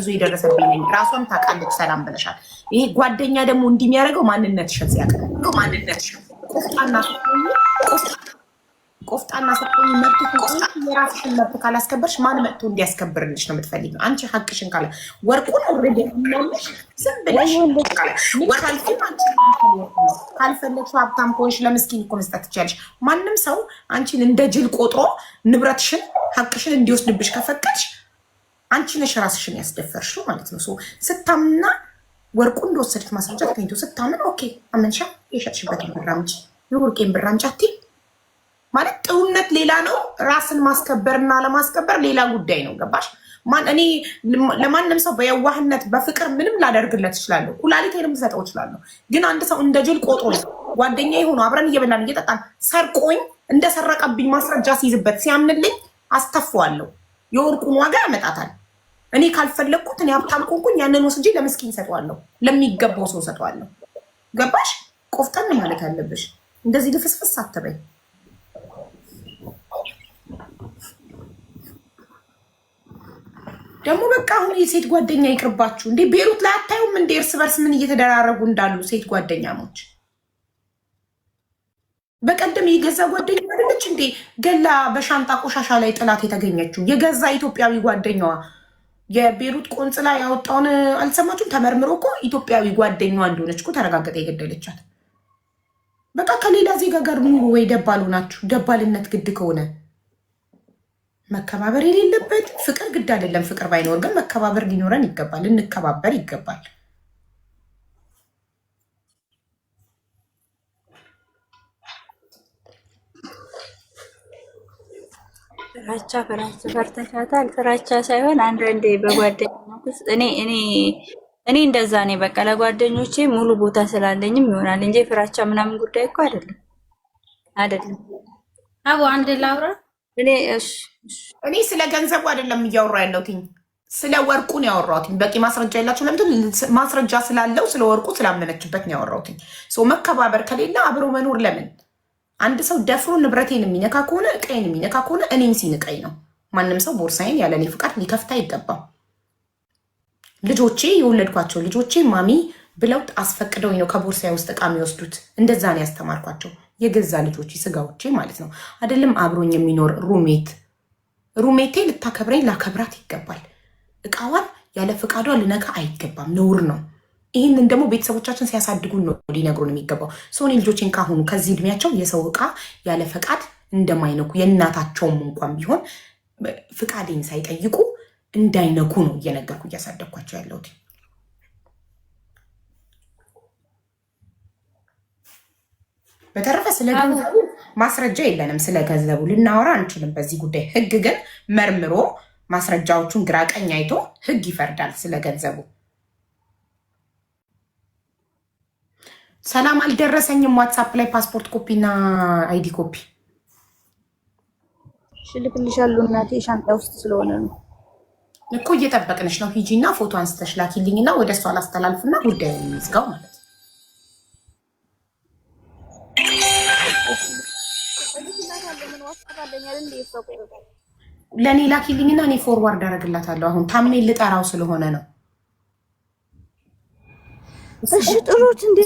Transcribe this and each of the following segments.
ብዙ የደረሰብኝ ነኝ። ራሷም ታውቃለች። ሰላም ብለሻል። ይሄ ጓደኛ ደግሞ እንዲህ የሚያደርገው ማንነት ሸን ሲያቀርብ ማንነት ቆፍጣና ቆፍጣና መብት የራስሽን መብት ካላስከበርሽ ማን መጥቶ እንዲያስከብርልሽ ነው የምትፈልጊው? አንቺ ሀቅሽን ካለ ወርቁን ኦልሬዲ የሚያምሽ ዝም ብለሽ ካልፈለግሽው ሀብታም ከሆንሽ ለምስኪን እኮ መስጠት ትችያለሽ። ማንም ሰው አንቺን እንደ ጅል ቆጥሮ ንብረትሽን ሀቅሽን እንዲወስድብሽ ከፈቀድሽ አንቺ ነሽ ራስሽን ያስደፈርሽው ማለት ነው። ስታምና ወርቁ እንደወሰደች ማስረጃ ተገኝቶ ስታምን ኦኬ አመንሻ የሸጥሽበትን ብር አምጪ፣ የወርቄን ብር አምጪ ማለት ጥውነት ሌላ ነው። ራስን ማስከበርና ለማስከበር ሌላ ጉዳይ ነው። ገባሽ? እኔ ለማንም ሰው በየዋህነት በፍቅር ምንም ላደርግለት እችላለሁ። ኩላሊቴንም ልሰጠው እችላለሁ። ግን አንድ ሰው እንደ ጅል ቆጦ ጓደኛ የሆኑ አብረን እየበላን እየጠጣን ሰርቆኝ እንደሰረቀብኝ ማስረጃ ሲይዝበት ሲያምንልኝ አስተፋዋለሁ። የወርቁን ዋጋ ያመጣታል። እኔ ካልፈለግኩት እኔ ሀብታም ከሆንኩኝ ያንን ወስጄ ለምስኪን ሰጠዋለሁ፣ ለሚገባው ሰው ሰጠዋለሁ። ገባሽ? ቆፍጠን ማለት አለብሽ። እንደዚህ ልፍስፍስ አትበይ። ደግሞ በቃ አሁን የሴት ጓደኛ ይቅርባችሁ እንዴ! ቤሩት ላይ አታዩም እንዴ? እርስ በርስ ምን እየተደራረጉ እንዳሉ ሴት ጓደኛሞች። በቀደም የገዛ ጓደኛ አይደለች እንዴ ገላ በሻንጣ ቆሻሻ ላይ ጥላት የተገኘችው የገዛ ኢትዮጵያዊ ጓደኛዋ የቤሩት ቆንጽላ ያወጣውን አልሰማችሁም? ተመርምሮ እኮ ኢትዮጵያዊ ጓደኛዋ እንደሆነች እኮ ተረጋገጠ። የገደለቻት በቃ ከሌላ ዜጋ ጋር ኑሩ ወይ ደባሉ ናችሁ። ደባልነት ግድ ከሆነ መከባበር የሌለበት ፍቅር ግድ አይደለም። ፍቅር ባይኖር ግን መከባበር ሊኖረን ይገባል፣ እንከባበር ይገባል። ፍራቻ ፍራቻ ፈርተሻታል። ፍራቻ ሳይሆን አንዳንዴ በጓደኛ እኔ እኔ እኔ እንደዛ ነኝ። በቃ ለጓደኞቼ ሙሉ ቦታ ስላለኝም ይሆናል እንጂ ፍራቻ ምናምን ጉዳይ እኮ አይደለም አይደለም። አቡ አንድ ላውራ እኔ እሺ፣ እኔ ስለ ገንዘቡ አይደለም እያወራ ያለሁትኝ ስለ ወርቁ ነው ያወራሁትኝ። በቂ ማስረጃ የላቸው ለምንድን ማስረጃ ስላለው ስለ ወርቁ ስላመነችበት ነው ያወራሁትኝ። ሰው መከባበር ከሌለ አብሮ መኖር ለምን አንድ ሰው ደፍሮ ንብረቴን የሚነካ ከሆነ እቃዬን የሚነካ ከሆነ እኔን ሲንቀኝ ነው። ማንም ሰው ቦርሳዬን ያለኔ ፍቃድ ሊከፍት አይገባም። ልጆቼ የወለድኳቸው ልጆቼ ማሚ ብለው አስፈቅደውኝ ነው ከቦርሳዬ ውስጥ እቃ የሚወስዱት። እንደዛ ነው ያስተማርኳቸው። የገዛ ልጆቼ ስጋዎቼ ማለት ነው። አይደለም አብሮኝ የሚኖር ሩሜት ሩሜቴ ልታከብረኝ ላከብራት ይገባል። እቃዋን ያለ ፍቃዷ ልነካ አይገባም። ነውር ነው። ይህንን ደግሞ ቤተሰቦቻችን ሲያሳድጉን ነው ሊነግሩን የሚገባው። ሰውን ልጆችን ካሁኑ ከዚህ እድሜያቸው የሰው እቃ ያለ ፈቃድ እንደማይነኩ የእናታቸውም እንኳን ቢሆን ፍቃዴን ሳይጠይቁ እንዳይነኩ ነው እየነገርኩ እያሳደግኳቸው ያለሁት። በተረፈ ስለ ማስረጃ የለንም፣ ስለ ገንዘቡ ልናወራ አንችልም በዚህ ጉዳይ። ህግ ግን መርምሮ ማስረጃዎቹን ግራ ቀኝ አይቶ ህግ ይፈርዳል ስለ ገንዘቡ። ሰላም አልደረሰኝም። ዋትሳፕ ላይ ፓስፖርት ኮፒ እና አይዲ ኮፒ እልክልሻለሁ እናቴ፣ ሻንጣ ውስጥ ስለሆነ ነው እኮ እየጠበቅንሽ ነው። ሂጂ እና ፎቶ አንስተሽ ላኪልኝ እና ወደ እሷ ላስተላልፍና ጉዳዩ የሚዝጋው ማለት ነው። ለእኔ ላኪልኝና እኔ ፎርዋርድ አደርግላታለሁ። አሁን ታሜ ልጠራው ስለሆነ ነው። እሺ ጥሩት እንዴ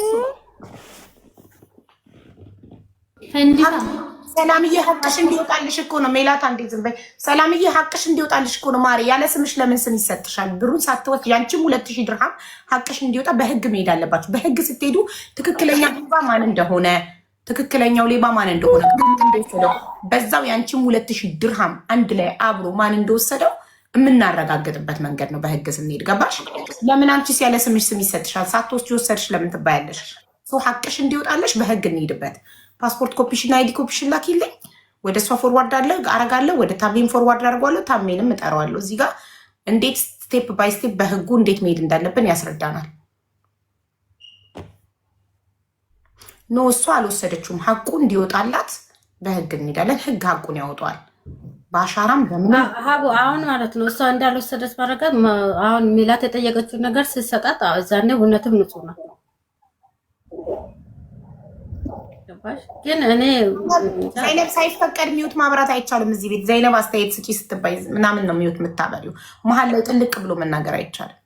ሰላምዬ ሀቅሽ እንዲወጣልሽ እኮ ነው ሜላት። አንዴ ዝም በይ ሰላምዬ፣ ሀቅሽ እንዲወጣልሽ እኮ ነው ማሪ። ያለ ስምሽ ለምን ስም ይሰጥሻል? ብሩን ሳትወስድ ያንቺም ሁለት ሺህ ድርሃም ሀቅሽ እንዲወጣ በህግ መሄድ አለባችሁ። በህግ ስትሄዱ ትክክለኛ ሌባ ማን እንደሆነ ትክክለኛው ሌባ ማን እንደሆነ እንደወሰደው በዛው ያንቺም ሁለት ሺህ ድርሃም አንድ ላይ አብሮ ማን እንደወሰደው የምናረጋግጥበት መንገድ ነው በህግ ስንሄድ። ገባሽ? ለምን አንቺስ ያለ ስምሽ ስም ይሰጥሻል? ሳትወስድ የወሰድሽ ለምን ትባያለሽ? ሰው ሀቅሽ እንዲወጣለሽ በህግ እንሂድበት። ፓስፖርት ኮፒሽን አይዲ ኮፒሽን ላኪልኝ፣ ወደ እሷ ፎርዋርድ አለ አረጋለሁ፣ ወደ ታሜን ፎርዋርድ አድርጓለሁ፣ ታሜንም እጠራዋለሁ። እዚህ ጋር እንዴት ስቴፕ ባይ ስቴፕ በህጉ እንዴት መሄድ እንዳለብን ያስረዳናል። ኖ እሷ አልወሰደችውም። ሀቁ እንዲወጣላት በህግ እንሄዳለን። ህግ ሀቁን ያወጣዋል። በአሻራም በምናቡ አሁን ማለት ነው። እሷ እንዳልወሰደች ባረጋት አሁን ሚላት የጠየቀችውን ነገር ስሰጣት እዛኔ እውነትም ንጹህ ነው። ግን እኔ ዘይነብ ሳይፈቀድ ሚውት ማብራት አይቻልም። እዚህ ቤት ዘይነብ አስተያየት ስጪ ስትባይ ምናምን ነው ሚውት የምታበሪው። መሀል ላይ ጥልቅ ብሎ መናገር አይቻልም።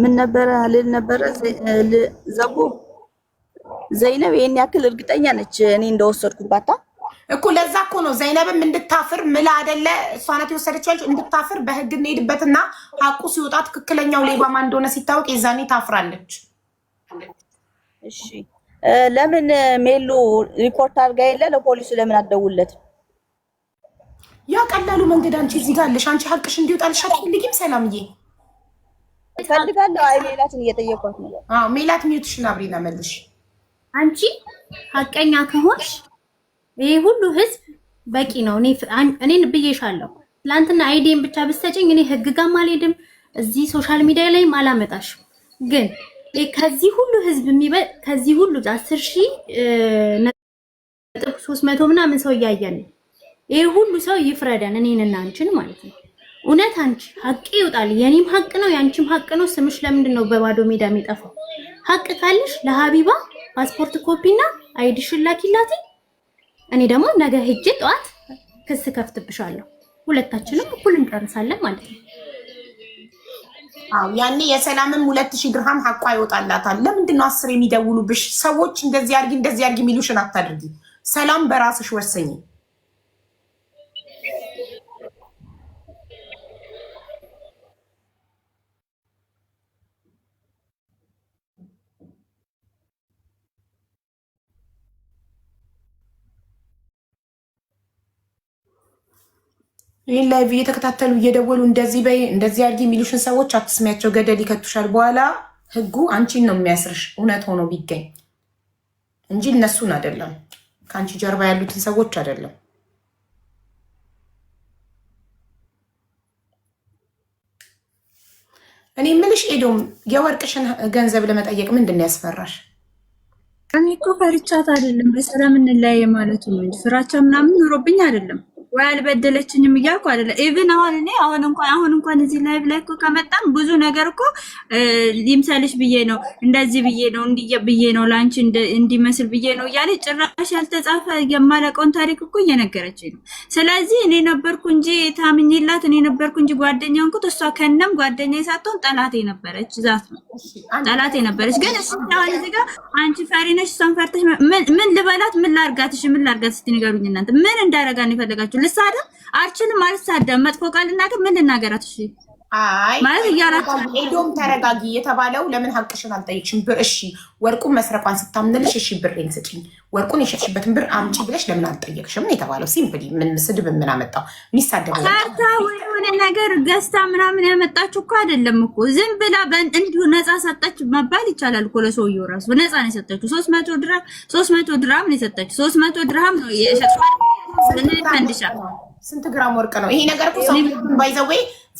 ምን ነበረ ልል ነበረ ዘቡ ዘይነብ ይሄን ያክል እርግጠኛ ነች እኔ እንደወሰድኩባታ እኮ ለዛ እኮ ነው ዘይነብም እንድታፍር ምላ አደለ እሷነት የወሰደች የወሰደችው ያለች እንድታፍር በህግ እንሄድበትና ሀቁ ሲወጣ ትክክለኛው ሌባ ማን እንደሆነ ሲታወቅ የዛኔ ታፍራለች። እሺ ለምን ሜሉ ሪፖርት አድርጋ የለ ለፖሊሱ ለምን አደውለት? ያ ቀላሉ መንገድ አንቺ እዚህ ጋር አለሽ። አንቺ ሀቅሽ እንዲወጣልሽ አትፈልጊም? ሰላምዬ ፈልጋለሁ። አይ ሜላትን እየጠየኳት ነው። ሜላት ሚዩትሽን አብሪና መልሽ። አንቺ ሀቀኛ ከሆንሽ ይህ ሁሉ ህዝብ በቂ ነው። እኔን ብዬሻለሁ። ትላንትና አይዲን ብቻ ብሰጭኝ እኔ ህግ ጋም አልሄድም፣ እዚህ ሶሻል ሚዲያ ላይም አላመጣሽም። ግን ከዚህ ሁሉ ህዝብ የሚበል ከዚህ ሁሉ አስር ሺህ ነጥብ ሶስት መቶ ምናምን ሰው እያየን ነው። ይህ ሁሉ ሰው ይፍረደን እኔንና አንቺን ማለት ነው። እውነት አንቺ ሀቅ ይውጣል። የኔም ሀቅ ነው የአንቺም ሀቅ ነው። ስምሽ ለምንድን ነው በባዶ ሜዳ የሚጠፋው? ሀቅ ካለሽ ለሀቢባ ፓስፖርት ኮፒና አይዲሽን ላኪላት። እኔ ደግሞ ነገ ሄጄ ጠዋት ክስ ከፍትብሻለሁ። ሁለታችንም እኩል እንጨርሳለን ማለት ነው። አዎ ያኔ የሰላምም ሁለት ሺህ ድርሃም ሀቋ ይወጣላታል። ለምንድን ነው አስር የሚደውሉብሽ ሰዎች? እንደዚህ አድርጊ እንደዚህ አድርጊ የሚሉሽን አታድርጊ። ሰላም በራስሽ ወሰኝ። ይህን ላይቭ እየተከታተሉ እየደወሉ እንደዚህ በይ እንደዚህ አድርጊ የሚሉሽን ሰዎች አትስሚያቸው፣ ገደል ይከቱሻል። በኋላ ህጉ አንቺን ነው የሚያስርሽ፣ እውነት ሆኖ ቢገኝ እንጂ እነሱን አይደለም፣ ከአንቺ ጀርባ ያሉትን ሰዎች አይደለም። እኔ ምልሽ ኤዶም የወርቅሽን ገንዘብ ለመጠየቅ ምንድን ነው ያስፈራሽ? እኔ እኮ ፈርቻት አይደለም፣ በሰላም እንለያየ ማለቱ ነው እንጂ ፍራቻ ምናምን ኖሮብኝ አይደለም። ወይ አልበደለችኝም እያልኩ አይደለ። ኢቭን አሁን እኔ አሁን እንኳን አሁን እንኳን እዚህ ላይቭ ላይ እኮ ከመጣም ብዙ ነገር እኮ ሊምሰልሽ ብዬ ነው እንደዚህ ብዬ ነው እንዲየ ብዬ ነው ላንቺ እንዲመስል ብዬ ነው እያለ ጭራሽ ያልተጻፈ የማለቀውን ታሪክ እኮ እየነገረችኝ ነው። ስለዚህ እኔ ነበርኩ እንጂ ታምኝላት እኔ ነበርኩ እንጂ ጓደኛ እንኩት እሷ ከነም ጓደኛ የሳትሆን ጠላት የነበረች ዛት ነው ጠላት የነበረች ግን እሱ አሁን እዚህ ጋር አንቺ ፈሪ ነሽ እሷን ፈርተሽ ምን ልበላት ምን ላርጋትሽ ምን ላርጋት ስትይ እናንተ ምን እንዳረጋ ነው የፈለጋችሁ ልሳደብ አልችልም፣ አልሳደብ። መጥፎ ቃል ልናገር ምን ልናገራት? እሺ አይ ማለት እያላችሁ ተረጋጊ የተባለው ለምን ሀቅሽን አልጠይቅሽም? ብር እሺ፣ ወርቁን መስረቋን ስታምንልሽ እሺ ብሬን ስጪኝ፣ ወርቁን የሸጥሽበትን ብር አምጪ ብለሽ ለምን አልጠየቅሽም የተባለው። ሲምፕሊ ምን ስድብ ምን አመጣው? የሚሳደብ ካርታ ወይ የሆነ ነገር ገዝታ ምናምን ያመጣችሁ እኮ አይደለም እኮ ዝም ብላ እንዲሁ ነፃ ሰጠች መባል ይቻላል እኮ። ለሰውየው ራሱ ነፃ ነው የሰጠችው። ሶስት መቶ ድራም ሶስት መቶ ድራም ነው የሰጠችው። ሶስት መቶ ድራም ነው የሸጥ ፈንድሻ ስንት ግራም ወርቅ ነው ይሄ ነገር? ሰው ባይዘዌ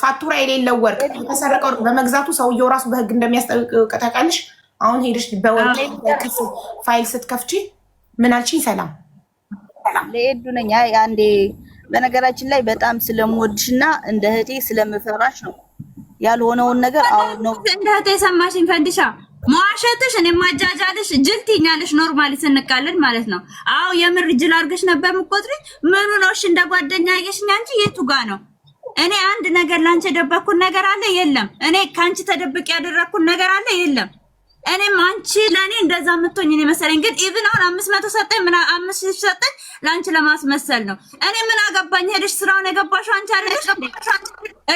ፋቱራ የሌለው ወርቅ የተሰረቀ ወርቅ በመግዛቱ ሰውየው ራሱ በህግ እንደሚያስጠይቅ ታውቃለሽ። አሁን ሄደሽ በወርቅ ፋይል ስትከፍቺ ምን አልሽኝ? ሰላም ለኤዱ ነኝ። አንዴ በነገራችን ላይ በጣም ስለምወድሽ እና እንደ እህቴ ስለምፈራሽ ነው ያልሆነውን ነገር አሁን ነው እንደ እህቴ ሰማሽኝ ፈንድሻ መዋሸትሽ እኔ ማጃጃልሽ ጅል ትኛለሽ። ኖርማሊ ስንቃለን ማለት ነው። አዎ የምር ጅል አድርገሽ ነበር ምቆጥሪ ምኑ ነው እሺ? እንደ ጓደኛ ያየሽኝ አንቺ የቱ ጋ ነው? እኔ አንድ ነገር ላንቺ የደበኩት ነገር አለ የለም። እኔ ከአንቺ ተደብቅ ያደረኩት ነገር አለ የለም። እኔም አንቺ ለእኔ እንደዛ የምትሆኝ እኔ መሰለኝ። ግን ኢቭን አሁን አምስት መቶ ሰጠኝ ምን አምስት ሺህ ሰጠኝ ለአንቺ ለማስመሰል ነው። እኔ ምን አገባኝ? ሄደሽ ስራውን የገባሽው አንቺ አይደለሽ?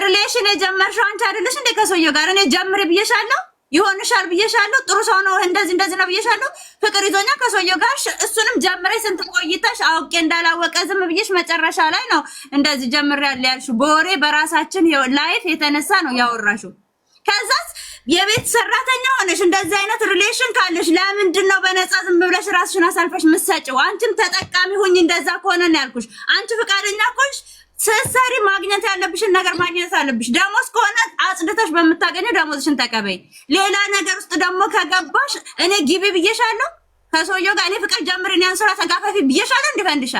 ሪሌሽን የጀመርሽው አንቺ አይደለሽ እንዴ ከሰውየው ጋር? እኔ ጀምር ብዬሻለሁ ይሆንሻል ብዬሻለሁ። ጥሩ ሰው ነው፣ እንደዚህ እንደዚህ ነው ብዬሻለሁ። ፍቅር ይዞኛ ከሰውየው ጋር እሱንም ጀምሬ ስንት ቆይተሽ አውቄ እንዳላወቀ ዝም ብዬሽ መጨረሻ ላይ ነው እንደዚህ ጀምሬ ያለ ያልሽው በወሬ በራሳችን ላይፍ የተነሳ ነው ያወራሽው። ከዛስ የቤት ሰራተኛ ሆነሽ እንደዚህ አይነት ሪሌሽን ካለሽ ለምንድን ነው በነፃ ዝም ብለሽ ራስሽን አሳልፈሽ ምሰጭው? አንቺም ተጠቃሚ ሁኝ። እንደዛ ከሆነ ነው ያልኩሽ። አንቺ ፍቃደኛ ኮሽ ስትሰሪ ማግኘት ያለብሽን ነገር ማግኘት አለብሽ። ደሞዝ ከሆነ አጽድተሽ በምታገኘው ደሞዝሽን ተቀበይ። ሌላ ነገር ውስጥ ደግሞ ከገባሽ እኔ ግቢ ብዬሻለሁ። ከሰውየው ጋር እኔ ፍቅር ጀምር፣ እኔ አንሶላ ተጋፈፊ ብዬሻለሁ። እንዲፈንድሻ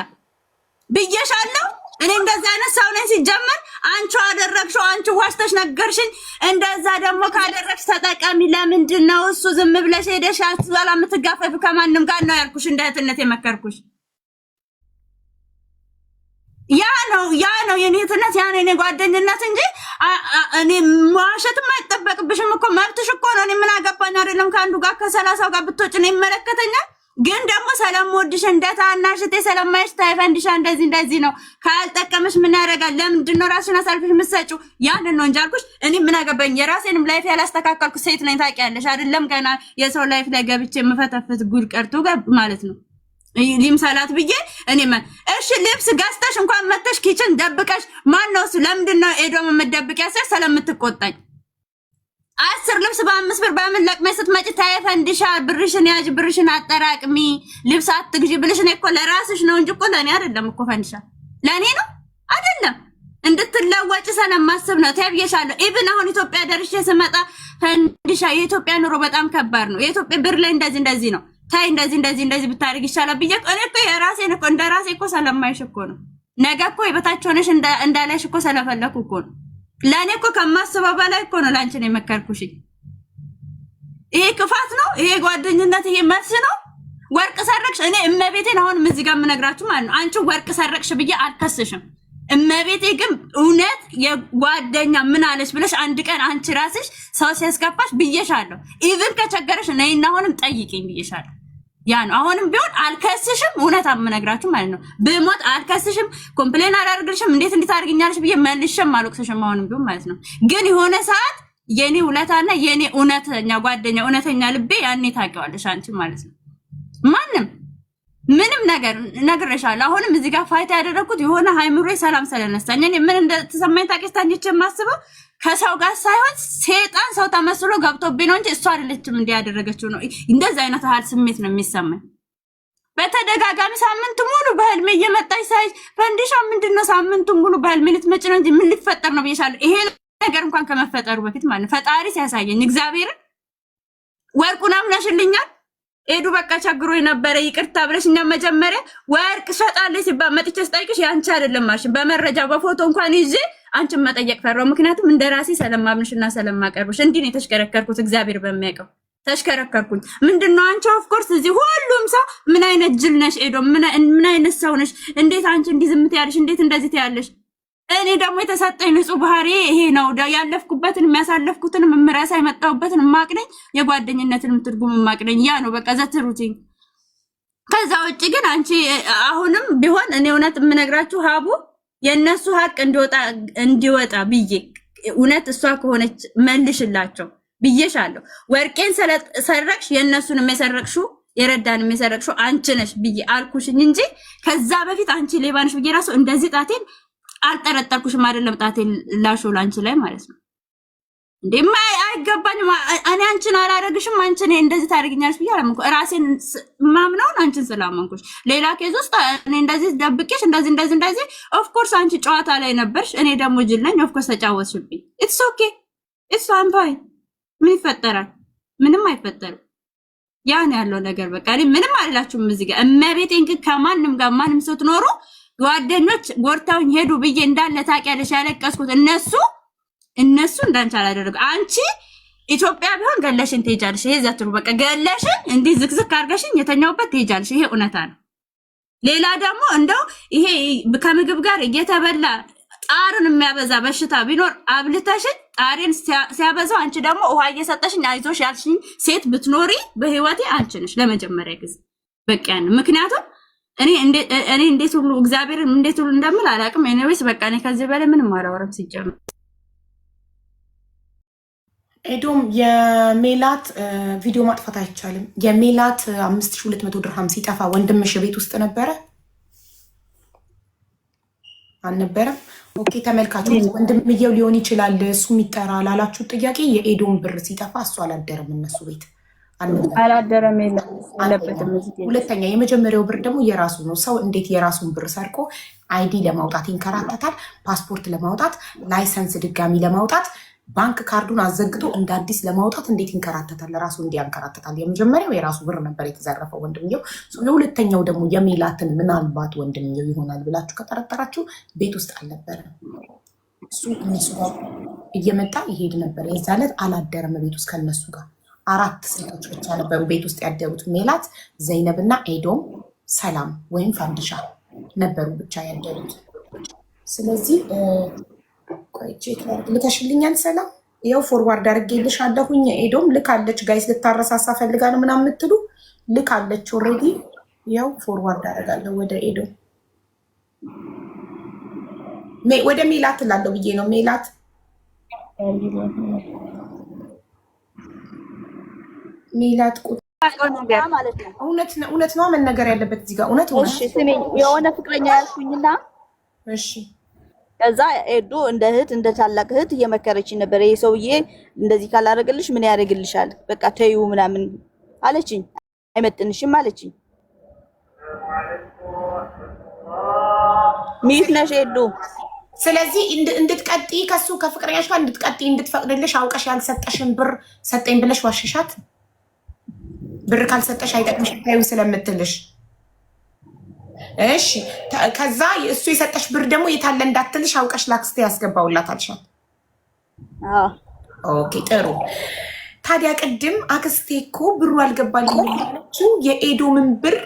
ብዬሻለሁ። እኔ እንደዛ አይነት ሰው ነኝ። ሲጀመር አንቺ አደረግሽው፣ አንቺ ዋሽተሽ ነገርሽኝ። እንደዛ ደግሞ ካደረግሽ ተጠቀሚ። ለምንድን ነው እሱ ዝም ብለሽ ሄደሽ ያስበላ የምትጋፈፊ? ከማንም ጋር ነው ያልኩሽ፣ እንደ እህትነት የመከርኩሽ ያ ነው ያ ነው የኔትነት ያ ነው የኔ ጓደኝነት እንጂ እኔ መዋሸትም አይጠበቅብሽም እኮ መብትሽ እኮ ነው። እኔ ምን አገባኝ አይደለም ከአንዱ ጋር ከሰላሳው ጋር ብትወጪ ነው ይመለከተኛል። ግን ደግሞ ስለምወድሽ እንደ ታናሽቴ ስለማይሽ ታይፈንድሻ እንደዚህ እንደዚህ ነው ካልጠቀምሽ ምን ያደርጋል? ለምንድን ነው ራስሽን አሳልፍሽ የምትሰጪው? ያንን ነው እንጂ አልኩሽ። እኔ ምን አገባኝ የራሴንም ላይፍ ያላስተካከልኩ ሴት ነኝ ታውቂያለሽ አይደለም። ገና የሰው ላይፍ ላይ ገብቼ የምፈተፍት ጉድ ቀርቶ ማለት ነው ሊምሰላት ብዬ እኔ እሺ፣ ልብስ ገዝተሽ እንኳን መተሽ ኪችን ደብቀሽ ማነው እሱ? ለምንድን ነው ኤዶም የምትደብቅ? ያሰ ስለምትቆጣኝ አስር ልብስ በአምስት ብር በምን ለቅሜ ስትመጪ ታየ ፈንድሻ፣ ብርሽን ያጅ ብርሽን አጠራቅሚ፣ ልብስ አትግዢ ብልሽ እኔ እኮ ለራስሽ ነው እንጂ እኮ ለእኔ አይደለም እኮ ፈንድሻ፣ ለእኔ ነው አይደለም እንድትለወጭ ስለማስብ ነው። ተብዬሻለሁ። ኢቭን አሁን ኢትዮጵያ ደርሼ ስመጣ ፈንድሻ፣ የኢትዮጵያ ኑሮ በጣም ከባድ ነው። የኢትዮጵያ ብር ላይ እንደዚህ እንደዚህ ነው ታይ እንደዚህ እንደዚህ እንደዚህ ብታደርግ ይሻላል ብዬ እኔ እኮ የራሴን እኮ እንደ ራሴ እኮ ሰለማይሽ እኮ ነው። ነገ እኮ የበታች ሆነሽ እንዳለሽ እኮ ሰለፈለኩ እኮ ነው። ለእኔ እኮ ከማስበው በላይ እኮ ነው ለአንቺን የመከርኩሽ። ይሄ ክፋት ነው። ይሄ ጓደኝነት፣ ይሄ መልስ ነው። ወርቅ ሰረቅሽ። እኔ እመቤቴን አሁን እዚህ ጋር የምነግራችሁ ማለት ነው አንቺ ወርቅ ሰረቅሽ ብዬ አልከስሽም። እመቤቴ ግን እውነት የጓደኛ ምን አለሽ ብለሽ አንድ ቀን አንቺ ራስሽ ሰው ሲያስገባሽ ብዬሻለሁ። ኢቭን ከቸገረሽ ነይና አሁንም ጠይቅኝ ብዬሻለሁ። ያ ነው። አሁንም ቢሆን አልከስሽም፣ እውነት የምነግራችሁ ማለት ነው። ብሞት አልከስሽም፣ ኮምፕሌን አላደርግልሽም። እንዴት እንዴት አድርግኛለሽ ብዬ መልሽም አልወቅስሽም። አሁንም ቢሆን ማለት ነው። ግን የሆነ ሰዓት የኔ ውለታና የኔ እውነተኛ ጓደኛ እውነተኛ ልቤ ያኔ ታውቂዋለሽ አንቺ ማለት ነው ማንም ምንም ነገር እነግርሻለሁ። አሁንም እዚህ ጋር ፋይታ ያደረግኩት የሆነ ሃይምሮዬ ሰላም ስለነሳኝ እኔ ምን እንደተሰማኝ ታውቂስታን ይች የማስበው ከሰው ጋር ሳይሆን ሴጣን ሰው ተመስሎ ገብቶብኝ ነው እንጂ እሱ አይደለችም እንዲያደረገችው ነው። እንደዚህ አይነት ህል ስሜት ነው የሚሰማኝ በተደጋጋሚ ሳምንት ሙሉ በህልሜ እየመጣች ሳይች ፈንዲሻ ምንድነው? ሳምንቱ ሙሉ በህልሜ ልትመጭ ነው እንጂ ምን ሊፈጠር ነው ብዬሻለሁ። ይሄ ነገር እንኳን ከመፈጠሩ በፊት ማለት ፈጣሪ ሲያሳየኝ እግዚአብሔርን ወርቁን አምናሽልኛል ኤዱ በቃ ቸግሮ የነበረ ይቅርታ ብለሽ እና መጀመሪያ ወርቅ ሸጣለች ሲባል መጥቼ ስጠይቅሽ የአንቺ አይደለም አልሽ። በመረጃ በፎቶ እንኳን ይዤ አንቺን መጠየቅ ፈራው። ምክንያቱም እንደ ራሴ ሰለማምንሽ እና ሰለማቀርብሽ እንዲህ ነው የተሽከረከርኩት። እግዚአብሔር በሚያውቀው ተሽከረከርኩኝ። ምንድን ነው አንቺ ኦፍኮርስ እዚህ ሁሉም ሰው ምን አይነት ጅል ነሽ ኤዶ፣ ምን አይነት ሰው ነሽ? እንዴት አንቺ እንዲህ ዝም ትያለሽ? እንዴት እንደዚህ ትያለሽ? እኔ ደግሞ የተሰጠኝ ንጹህ ባህሪ ይሄ ነው። ያለፍኩበትን የሚያሳለፍኩትን የምረሳ የመጣሁበትን ማቅነኝ የጓደኝነትን ትርጉም ማቅነኝ ያ ነው በቃ ዘትሩቲኝ። ከዛ ውጭ ግን አንቺ አሁንም ቢሆን እኔ እውነት የምነግራችሁ ሀቡ የእነሱ ሀቅ እንዲወጣ እንዲወጣ ብዬ እውነት እሷ ከሆነች መልሽላቸው ብዬሽ አለሁ። ወርቄን ሰረቅሽ፣ የእነሱንም የሰረቅሹ የረዳን የሰረቅሽው አንቺ ነሽ ብዬ አልኩሽኝ እንጂ ከዛ በፊት አንቺ ሌባ ነሽ ብዬ ራሱ እንደዚህ ጣቴን አልጠረጠርኩሽም አይደለም ጣቴ ላሾ ላንቺ ላይ ማለት ነው። እንዴማ አይገባኝም። እኔ አንቺን አላረግሽም አንቺን እንደዚህ ታደርግኛለሽ ብዬ አላመንኩ። ራሴን ማምነውን አንቺን ስላመንኩሽ ሌላ ኬዝ ውስጥ እኔ እንደዚህ ደብቄሽ እንደዚህ እንደዚህ እንደዚህ ኦፍኮርስ አንቺ ጨዋታ ላይ ነበርሽ፣ እኔ ደግሞ ጅል ነኝ። ኦፍኮርስ ተጫወትሽብኝ። ኢትስ ኦኬ ኢትስ አንፋይ። ምን ይፈጠራል? ምንም አይፈጠርም። ያን ያለው ነገር በቃ ምንም አልላችሁም። እዚህ ጋር እመቤቴን ከማንም ጋር ማንም ሰው ትኖሩ ጓደኞች ጎርታውን ሄዱ ብዬ እንዳለ ታውቂያለሽ ያለቀስኩት እነሱ እነሱ እንዳንቺ አላደረጉ አንቺ ኢትዮጵያ ቢሆን ገለሽን ትሄጃለሽ። ይሄ ዘትሩ በቃ ገለሽን እንዲህ ዝክዝክ አድርገሽን የተኛውበት ትሄጃለሽ። ይሄ እውነታ ነው። ሌላ ደግሞ እንደው ይሄ ከምግብ ጋር እየተበላ ጣርን የሚያበዛ በሽታ ቢኖር አብልተሽን ጣሬን ሲያበዛው አንቺ ደግሞ ውሃ እየሰጠሽኝ አይዞሽ ያልሽኝ ሴት ብትኖሪ በህይወቴ አንቺ ነሽ ለመጀመሪያ ጊዜ በቃ ምክንያቱም እኔ እንዴት ሁሉ እግዚአብሔር እንዴት ሁሉ እንደምል አላውቅም። ኤኒዌይስ በቃ እኔ ከዚህ በላይ ምንም አላወራም። ሲጀምር ኤዶም የሜላት ቪዲዮ ማጥፋት አይቻልም። የሜላት አምስት ሺህ ሁለት መቶ ድርሃም ሲጠፋ ወንድምሽ ቤት ውስጥ ነበረ አልነበረም? ኦኬ ተመልካቾች፣ ወንድምየው ሊሆን ይችላል እሱ የሚጠራ ላላችሁ ጥያቄ የኤዶም ብር ሲጠፋ እሱ አላደረም እነሱ ቤት አላደረም የለበትም። ሁለተኛ የመጀመሪያው ብር ደግሞ የራሱ ነው። ሰው እንዴት የራሱን ብር ሰርቆ አይዲ ለማውጣት ይንከራተታል? ፓስፖርት ለማውጣት፣ ላይሰንስ ድጋሚ ለማውጣት፣ ባንክ ካርዱን አዘግቶ እንደ አዲስ ለማውጣት እንዴት ይንከራተታል? ራሱ ያንከራተታል። የመጀመሪያው የራሱ ብር ነበር የተዘረፈው ወንድምየው። የሁለተኛው ደግሞ የሚላትን ምናልባት ወንድምየው ይሆናል ብላችሁ ከጠረጠራችሁ ቤት ውስጥ አልነበረም። እሱ እነሱ እየመጣ ይሄድ ነበር። የዛለት አላደረም ቤት ውስጥ ከነሱ ጋር አራት ሴቶች ብቻ ነበሩ ቤት ውስጥ ያደሩት። ሜላት፣ ዘይነብ እና ኤዶም፣ ሰላም ወይም ፋንድሻ ነበሩ ብቻ ያደሩት። ስለዚህ ልከሽልኛል ሰላም፣ ይኸው ፎርዋርድ አድርጌልሽ አለሁኝ። ኤዶም ልካለች፣ ጋይስ ልታረሳሳ ፈልጋ ነው ምናምን የምትሉ ልካለች። ኦልሬዲ ያው ፎርዋርድ አደርጋለሁ ወደ ኤዶም ወደ ሜላት እላለሁ ብዬ ነው ሜላት ሜላት እውነት ነው መነገር ያለበት እዚህ ጋር እውነት የሆነ ፍቅረኛ ያልኩኝና እሺ ከዛ ኤዱ እንደ እህት እንደ ታላቅ እህት እየመከረች ነበር። ይሄ ሰውዬ እንደዚህ ካላደረገልሽ ምን ያደርግልሻል? በቃ ተዩ ምናምን አለችኝ። አይመጥንሽም አለችኝ። ሚት ነሽ ኤዱ። ስለዚህ እንድትቀጥይ ከሱ ከፍቅረኛሽ ጋር እንድትቀጥይ እንድትፈቅድልሽ አውቀሽ ያልሰጠሽን ብር ሰጠኝ ብለሽ ዋሸሻት። ብር ካልሰጠሽ አይጠቅምሽ ታዩ ስለምትልሽ እሺ ከዛ እሱ የሰጠሽ ብር ደግሞ የታለ እንዳትልሽ አውቀሽ ላክስቴ ያስገባውላት አልሻል። ኦኬ ጥሩ። ታዲያ ቅድም አክስቴ እኮ ብሩ አልገባልኝ የኤዶምን ብር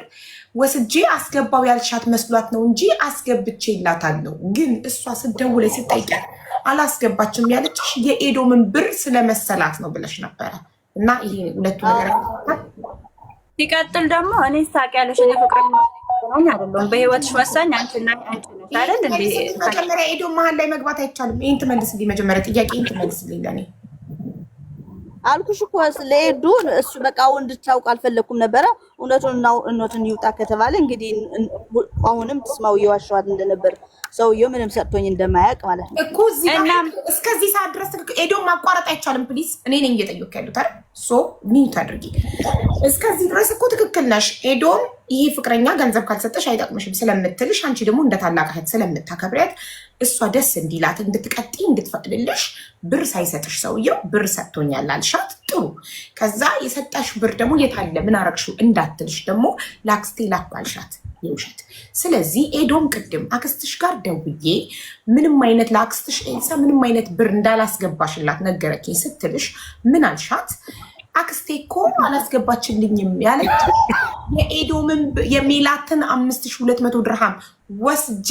ወስጄ አስገባው ያልሻት መስሏት ነው እንጂ አስገብቼ ይላታለሁ። ግን እሷ ስትደውለኝ ስጠይቅ አላስገባችም ያለችሽ የኤዶምን ብር ስለመሰላት ነው ብለሽ ነበራል። እና ይሄ ሁለቱ ነገር ሲቀጥል ደግሞ እኔ ሳቅ ያለሽ እኔ ፍቅረኛ አይደለሁም። በህይወትሽ ወሳኝ አንቺና አንቺ ነሽ አይደል እንዴ? መጀመሪያ ሄዶ መሀል ላይ መግባት አይቻልም። ይሄን ትመልስልኝ፣ መጀመሪያ ጥያቄ ይሄን ትመልስልኝ ለእኔ አልኩሽ እኮ ለኤዱ እሱ በቃ እንድታውቅ አልፈለኩም ነበረ። እውነቱን እና እውነቱን ይውጣ ከተባለ እንግዲህ አሁንም ትስማው እየዋሸዋት እንደነበር ሰውየው ምንም ሰጥቶኝ እንደማያውቅ ማለት ነው እኮ እስከዚህ ሰዓት ድረስ ኤዶ ማቋረጥ አይቻልም። ፕሊዝ እኔ ነኝ እየጠየኩ ያሉት አይደል? ሶ ሚዩት አድርጊ። እስከዚህ ድረስ እኮ ትክክል ነሽ። ኤዶም ይሄ ፍቅረኛ ገንዘብ ካልሰጠሽ አይጠቅምሽም ስለምትልሽ አንቺ ደግሞ እንደ ታላቅ እህት ስለምታከብሪያት እሷ ደስ እንዲላት እንድትቀጢ እንድትፈቅድልሽ ብር ሳይሰጥሽ ሰውየው ብር ሰጥቶኛል አልሻት። ጥሩ። ከዛ የሰጣሽ ብር ደግሞ የታለ ምን አረግሽው እንዳትልሽ ደግሞ ላክስቴ ላኩ አልሻት። የውሸት ስለዚህ ኤዶም ቅድም አክስትሽ ጋር ደውዬ ምንም አይነት ለአክስትሽ ኤልሳ ምንም አይነት ብር እንዳላስገባሽላት ነገረችኝ ስትልሽ ምን አልሻት? አክስቴ እኮ አላስገባችልኝም ያለች የኤዶምን የሚላትን አምስት ሺህ ሁለት መቶ ድርሃም ወስጄ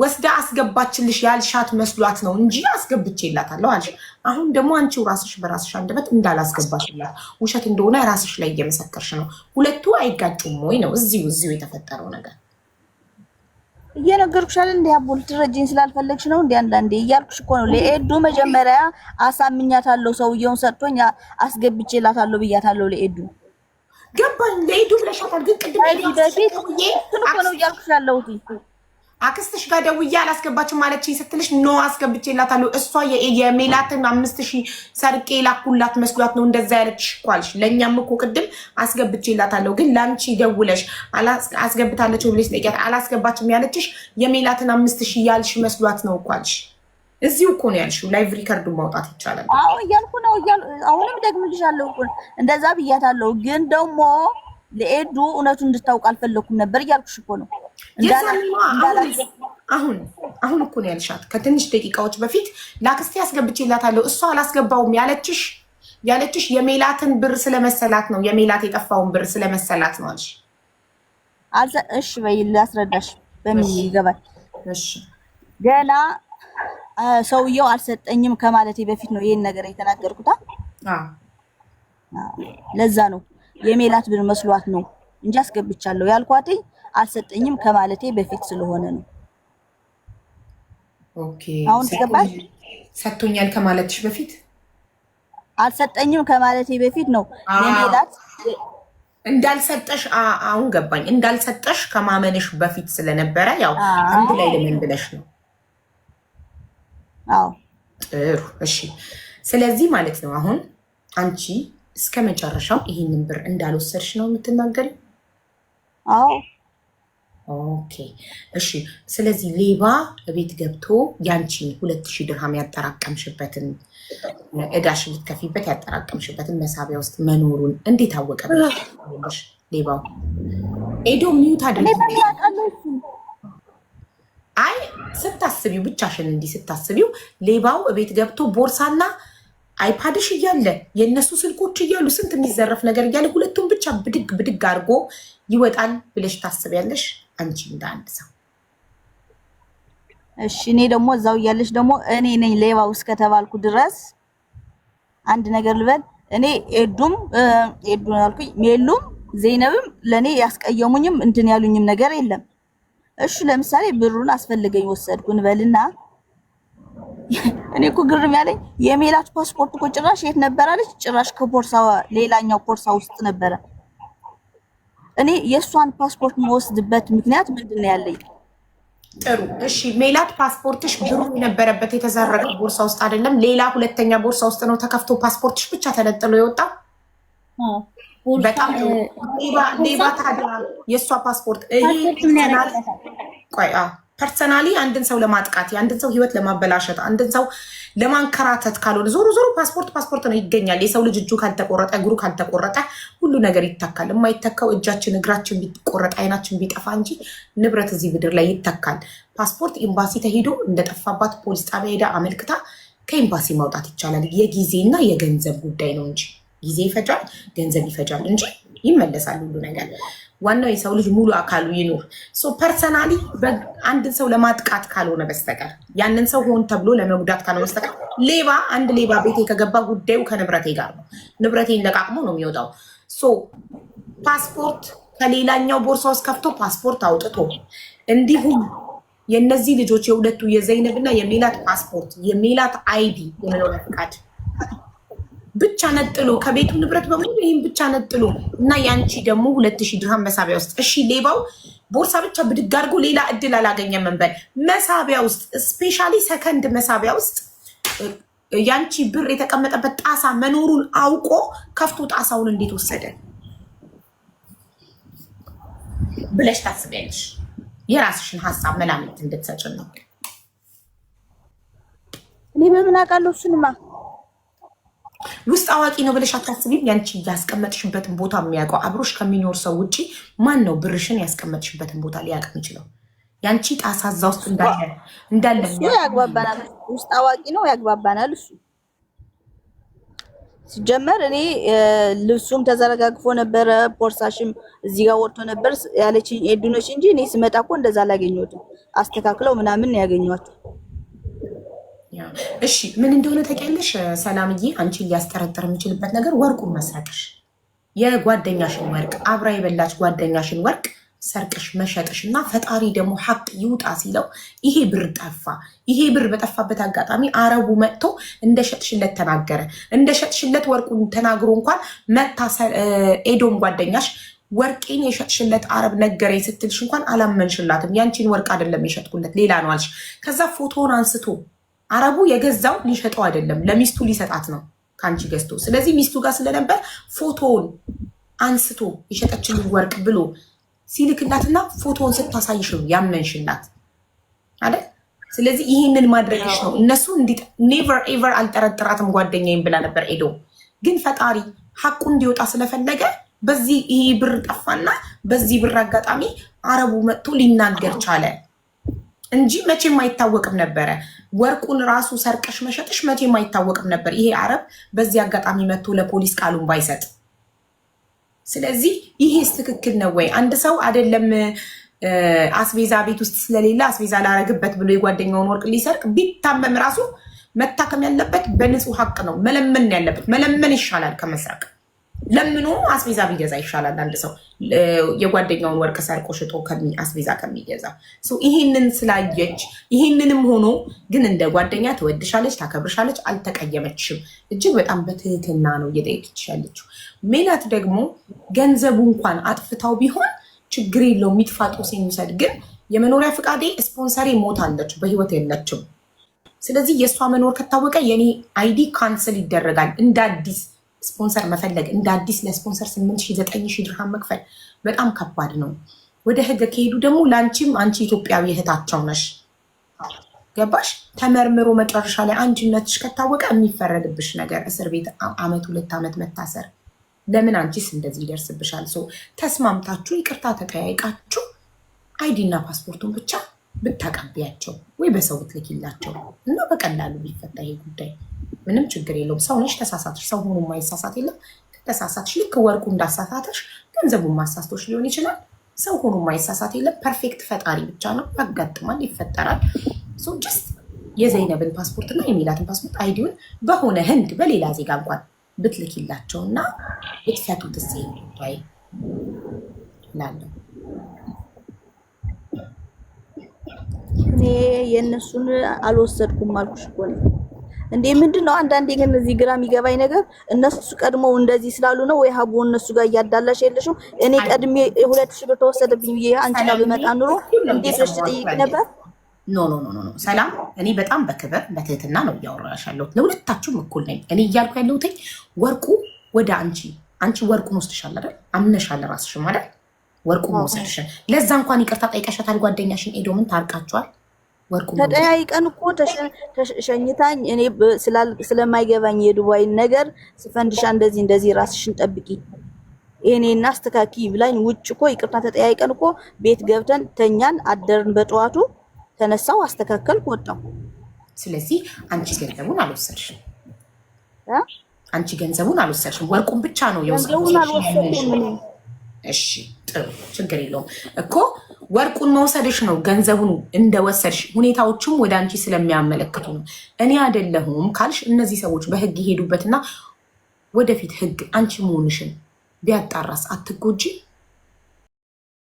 ወስዳ አስገባችልሽ ያልሻት መስሏት ነው እንጂ አስገብቼ አስገብቼላታለሁ አልሽ። አሁን ደግሞ አንቺው ራስሽ በራስሽ አንደበት እንዳላስገባችላት ውሸት እንደሆነ ራስሽ ላይ እየመሰከርሽ ነው። ሁለቱ አይጋጩም ወይ ነው እዚሁ እዚሁ የተፈጠረው ነገር። እየነገርኩሻል እንዲ አቦል ትረጅኝ ስላልፈለግሽ ነው እንዲ አንዳንዴ እያልኩሽ እኮ ነው። ለኤዱ መጀመሪያ አሳምኛታለሁ፣ ሰውየውን ሰጥቶኝ አስገብቼ አስገብቼላታለሁ ብያታለሁ ለኤዱ ገባኝ። ለኤዱ ብለሻታል፣ ግን ቅድም በፊት ነው እያልኩሽ ያለሁት አክስትሽ ጋር ደውዬ አላስገባችም ማለችኝ ስትልሽ ኖ አስገብቼላታለሁ። እሷ የሜላትን አምስት ሺህ ሰርቄ ላኩላት መስሏት ነው እንደዛ ያለችሽ እኮ አልሽ። ለእኛም እኮ ቅድም አስገብቼላታለሁ፣ ግን ለአንቺ ደውለሽ አስገብታለች ብለሽ ጠይቂያት። አላስገባችም ያለችሽ የሜላትን አምስት ሺህ ያልሽ መስሏት ነው እኮ አልሽ። እዚሁ እኮ ነው ያልሽው። ላይቭ ሪከርዱን ማውጣት ይቻላል። አዎ እያልኩ ነው። አሁንም ደግምልሻለሁ። እንደዛ ብያታለሁ፣ ግን ደግሞ ለኤዱ እውነቱን እንድታውቅ አልፈለኩም ነበር እያልኩሽ እኮ ነው። አሁን አሁን እኮ ነው ያልሻት ከትንሽ ደቂቃዎች በፊት ለአክስቴ አስገብቼላታለሁ እሷ አላስገባውም ያለችሽ ያለችሽ የሜላትን ብር ስለመሰላት ነው። የሜላት የጠፋውን ብር ስለመሰላት ነው አልሽ። እሺ በይ ላስረዳሽ በሚል ይገባል። ገና ሰውየው አልሰጠኝም ከማለቴ በፊት ነው ይህን ነገር የተናገርኩታ። ለዛ ነው የሜላት ብር መስሏት ነው እንጂ አስገብቻለሁ ያልኳትኝ አልሰጠኝም ከማለቴ በፊት ስለሆነ ነው። ኦኬ አሁን ገባሽ? ሰጥቶኛል ከማለትሽ በፊት አልሰጠኝም ከማለቴ በፊት ነው የሜላት እንዳልሰጠሽ አሁን ገባኝ። እንዳልሰጠሽ ከማመንሽ በፊት ስለነበረ ያው አንድ ላይ ለምን ብለሽ ነው። አዎ ጥሩ እሺ። ስለዚህ ማለት ነው አሁን አንቺ እስከ መጨረሻው ይህንን ብር እንዳልወሰድሽ ነው የምትናገሪ? አዎ። ኦኬ እሺ። ስለዚህ ሌባ ቤት ገብቶ ያንቺን ሁለት ሺህ ድርሃም ያጠራቀምሽበትን እዳሽ ልትከፊበት ያጠራቀምሽበትን መሳቢያ ውስጥ መኖሩን እንዴት አወቀ? ሌባው ኤዶ ሚዩት አድርጊ። አይ ስታስቢው፣ ብቻሽን እንዲህ ስታስቢው ሌባው ቤት ገብቶ ቦርሳና አይፓድሽ እያለ የእነሱ ስልኮች እያሉ ስንት የሚዘረፍ ነገር እያለ ሁለቱም ብቻ ብድግ ብድግ አድርጎ ይወጣል ብለሽ ታስቢያለሽ አንቺ እንደ አንድ ሰው። እሺ እኔ ደግሞ እዛው እያለሽ ደግሞ እኔ ነኝ ሌባው እስከተባልኩ ድረስ አንድ ነገር ልበል። እኔ ኤዱም ኤዱ አልኩኝ ሜሉም ዜይነብም ለእኔ ያስቀየሙኝም እንትን ያሉኝም ነገር የለም። እሺ ለምሳሌ ብሩን አስፈልገኝ ወሰድኩ እንበልና እኔ እኮ ግርም ያለኝ የሜላት ፓስፖርት እኮ ጭራሽ የት ነበር አለች? ጭራሽ ከቦርሳ ሌላኛው ቦርሳ ውስጥ ነበረ። እኔ የእሷን ፓስፖርት መወስድበት ምክንያት ምንድን ነው ያለኝ? ጥሩ እሺ፣ ሜላት ፓስፖርትሽ ብሩ የነበረበት የተዘረገ ቦርሳ ውስጥ አይደለም፣ ሌላ ሁለተኛ ቦርሳ ውስጥ ነው ተከፍቶ ፓስፖርትሽ ብቻ ተነጥሎ የወጣ። በጣም ሌባ ታዲያ የእሷ ፓስፖርት ይሄ ፐርሰናሊ አንድን ሰው ለማጥቃት የአንድን ሰው ህይወት ለማበላሸት አንድን ሰው ለማንከራተት ካልሆነ ዞሮ ዞሮ ፓስፖርት ፓስፖርት ነው፣ ይገኛል። የሰው ልጅ እጁ ካልተቆረጠ እግሩ ካልተቆረጠ ሁሉ ነገር ይተካል። የማይተካው እጃችን እግራችን ቢቆረጥ አይናችን ቢጠፋ እንጂ ንብረት እዚህ ምድር ላይ ይተካል። ፓስፖርት ኤምባሲ ተሄዶ እንደጠፋባት ፖሊስ ጣቢያ ሄዳ አመልክታ ከኤምባሲ ማውጣት ይቻላል። የጊዜና የገንዘብ ጉዳይ ነው እንጂ ጊዜ ይፈጃል፣ ገንዘብ ይፈጃል እንጂ ይመለሳል ሁሉ ነገር። ዋናው የሰው ልጅ ሙሉ አካሉ ይኑር። ፐርሰናሊ አንድን ሰው ለማጥቃት ካልሆነ በስተቀር ያንን ሰው ሆን ተብሎ ለመጉዳት ካልሆነ በስተቀር ሌባ፣ አንድ ሌባ ቤቴ ከገባ ጉዳዩ ከንብረቴ ጋር ነው። ንብረቴን ለቃቅሞ ነው የሚወጣው። ፓስፖርት ከሌላኛው ቦርሳ ውስጥ ከፍቶ ፓስፖርት አውጥቶ እንዲሁም የእነዚህ ልጆች የሁለቱ የዘይነብና የሜላት ፓስፖርት የሜላት አይዲ የመኖሪያ ፍቃድ ብቻ ነጥሎ ከቤቱ ንብረት በሙሉ ይህን ብቻ ነጥሎ እና ያንቺ ደግሞ ሁለት ሺህ ድርሃም መሳቢያ ውስጥ እሺ፣ ሌባው ቦርሳ ብቻ ብድግ አድርጎ ሌላ እድል አላገኘም መንበል መሳቢያ ውስጥ ስፔሻሊ ሰከንድ መሳቢያ ውስጥ ያንቺ ብር የተቀመጠበት ጣሳ መኖሩን አውቆ ከፍቶ ጣሳውን እንዴት ወሰደ ብለሽ ታስቢያለሽ። የራስሽን ሀሳብ መላምት እንድትሰጭ ነው። እኔ በምን አውቃለሁ እሱንማ ውስጥ አዋቂ ነው ብለሽ አታስቢም። ያንቺ ያስቀመጥሽበትን ቦታ የሚያውቀው አብሮሽ ከሚኖር ሰው ውጭ ማን ነው ብርሽን ያስቀመጥሽበትን ቦታ ሊያውቅ የሚችለው? ያንቺ ጣሳ እዛ ውስጥ እንዳለ እንዳለ ያግባባናል። ውስጥ አዋቂ ነው ያግባባናል። እሱ ሲጀመር እኔ ልብሱም ተዘረጋግፎ ነበረ፣ ቦርሳሽም እዚህ ጋር ወጥቶ ነበር ያለችኝ ኤዱነች እንጂ እኔ ስመጣ እኮ እንደዛ አላገኘሁትም። አስተካክለው ምናምን ያገኘኋቸው እሺ ምን እንደሆነ ታውቂያለሽ ሰላምዬ፣ አንቺ ሊያስጠረጥር የሚችልበት ነገር ወርቁን መስረቅሽ፣ የጓደኛሽን ወርቅ አብራ የበላች ጓደኛሽን ወርቅ ሰርቅሽ መሸጥሽ እና ፈጣሪ ደግሞ ሀቅ ይውጣ ሲለው ይሄ ብር ጠፋ። ይሄ ብር በጠፋበት አጋጣሚ አረቡ መጥቶ እንደ ሸጥሽለት ተናገረ። እንደ ሸጥሽለት ወርቁን ተናግሮ እንኳን መታ ኤዶም ጓደኛሽ ወርቄን የሸጥሽለት አረብ ነገረኝ ስትልሽ እንኳን አላመንሽላትም። ያንቺን ወርቅ አይደለም የሸጥኩለት ሌላ ነው አልሽ። ከዛ ፎቶውን አንስቶ አረቡ የገዛው ሊሸጠው አይደለም፣ ለሚስቱ ሊሰጣት ነው ከአንቺ ገዝቶ። ስለዚህ ሚስቱ ጋር ስለነበር ፎቶውን አንስቶ የሸጠችን ወርቅ ብሎ ሲልክላትና ፎቶውን ስታሳይሽ ነው ያመንሽላት አይደል? ስለዚህ ይህንን ማድረግሽ ነው እነሱ ኔቨር ኤቨር አልጠረጥራትም ጓደኛዬም ብላ ነበር። ኤዶ ግን ፈጣሪ ሀቁ እንዲወጣ ስለፈለገ በዚህ ይሄ ብር ጠፋና በዚህ ብር አጋጣሚ አረቡ መጥቶ ሊናገር ቻለ። እንጂ መቼም አይታወቅም ነበረ። ወርቁን ራሱ ሰርቀሽ መሸጥሽ መቼም አይታወቅም ነበር። ይሄ አረብ በዚህ አጋጣሚ መጥቶ ለፖሊስ ቃሉን ባይሰጥ። ስለዚህ ይሄስ ትክክል ነው ወይ? አንድ ሰው አይደለም አስቤዛ ቤት ውስጥ ስለሌለ አስቤዛ ላረግበት ብሎ የጓደኛውን ወርቅ ሊሰርቅ ቢታመም ራሱ መታከም ያለበት በንጹህ ሀቅ ነው። መለመን ያለበት መለመን ይሻላል ከመስረቅ ለምኖ አስቤዛ ቢገዛ ይሻላል። አንድ ሰው የጓደኛውን ወርቅ ሰርቆ ሽጦ አስቤዛ ከሚገዛ ይህንን ስላየች ይህንንም ሆኖ ግን እንደ ጓደኛ ትወድሻለች፣ ታከብርሻለች፣ አልተቀየመችም። እጅግ በጣም በትህትና ነው እየጠየቅች ያለችው። ሜላት ደግሞ ገንዘቡ እንኳን አጥፍታው ቢሆን ችግር የለው የሚጥፋ ጦስ የሚውሰድ ግን የመኖሪያ ፍቃዴ ስፖንሰሬ ሞታለች፣ በህይወት የለችም። ስለዚህ የእሷ መኖር ከታወቀ የኔ አይዲ ካንስል ይደረጋል እንደ አዲስ ስፖንሰር መፈለግ እንደ አዲስ ለስፖንሰር ስምንት ሺ ዘጠኝ ሺ ድርሃም መክፈል በጣም ከባድ ነው። ወደ ህግ ከሄዱ ደግሞ ለአንቺም አንቺ ኢትዮጵያዊ እህታቸው ነሽ። ገባሽ? ተመርምሮ መጨረሻ ላይ አንቺነትሽ ከታወቀ የሚፈረድብሽ ነገር እስር ቤት አመት ሁለት ዓመት መታሰር። ለምን አንቺስ እንደዚህ ይደርስብሻል? ሰው ተስማምታችሁ ይቅርታ ተጠያይቃችሁ አይዲና ፓስፖርቱን ብቻ ብታቀቢያቸው ወይ በሰው ብትልኪላቸው እና በቀላሉ ቢፈታ ይሄ ጉዳይ ምንም ችግር የለውም። ሰው ነሽ፣ ተሳሳትሽ። ሰው ሆኖ ማይሳሳት የለም። ተሳሳትሽ። ልክ ወርቁ እንዳሳሳተሽ ገንዘቡ ማሳስቶች ሊሆን ይችላል። ሰው ሆኖ ማይሳሳት የለም። ፐርፌክት ፈጣሪ ብቻ ነው። ያጋጥማል፣ ይፈጠራል። ጀስት የዘይነብን ፓስፖርት እና የሚላትን ፓስፖርት አይዲውን በሆነ ህንድ በሌላ ዜጋ እንኳን ብትልኪላቸውና ብትፈቱት ስ ይ ላለው እኔ የእነሱን አልወሰድኩም አልኩሽ እኮ ነው እንዴ ምንድን ነው? አንዳንዴ ግን እዚህ ግራ የሚገባኝ ነገር እነሱ ቀድሞ እንደዚህ ስላሉ ነው ወይ ሀቡ እነሱ ጋር እያዳላሽ የለሽም። እኔ ቀድሜ ሁለት ሺህ ብር ተወሰደብኝ ብዬ አንቺ ጋር ብመጣ ኑሮ እንዴት ብለሽ ትጠይቂ ነበር? ኖ ኖ ኖ ኖ ሰላም፣ እኔ በጣም በክብር በትህትና ነው እያወራሽ ያለሁት። ለሁለታችሁም እኩል ነኝ። እኔ እያልኩ ያለሁት ወርቁ ወደ አንቺ አንቺ ወርቁን ወስድሻል አይደል? አምነሻል ራስሽም አይደል? ወርቁን መውሰድሽን ለዛ እንኳን ይቅርታ ጠይቀሻታል ጓደኛሽን ኤዶምን ታርቃችኋል። ተጠያይቀን እኮ ተሸኝታኝ እኔ ስለማይገባኝ የዱባይ ነገር ስፈንድሻ እንደዚህ እንደዚህ ራስሽን ጠብቂ እና አስተካኪ ብላኝ ውጭ እኮ ይቅርታ ተጠያይቀን እኮ ቤት ገብተን ተኛን አደርን። በጠዋቱ ተነሳው አስተካከል ወጣው። ስለዚህ አንቺ ገንዘቡን አልወሰድሽም፣ አንቺ ገንዘቡን አልወሰድሽም፣ ወርቁን ብቻ ነው የወሰድሽው። እሺ ጥሩ ችግር የለውም እኮ ወርቁን መውሰድሽ ነው ገንዘቡን እንደወሰድሽ ሁኔታዎቹም ወደ አንቺ ስለሚያመለክቱ ነው። እኔ አይደለሁም ካልሽ እነዚህ ሰዎች በህግ ይሄዱበትና ወደፊት ህግ አንቺ መሆንሽን ቢያጣራስ አትጎጂ?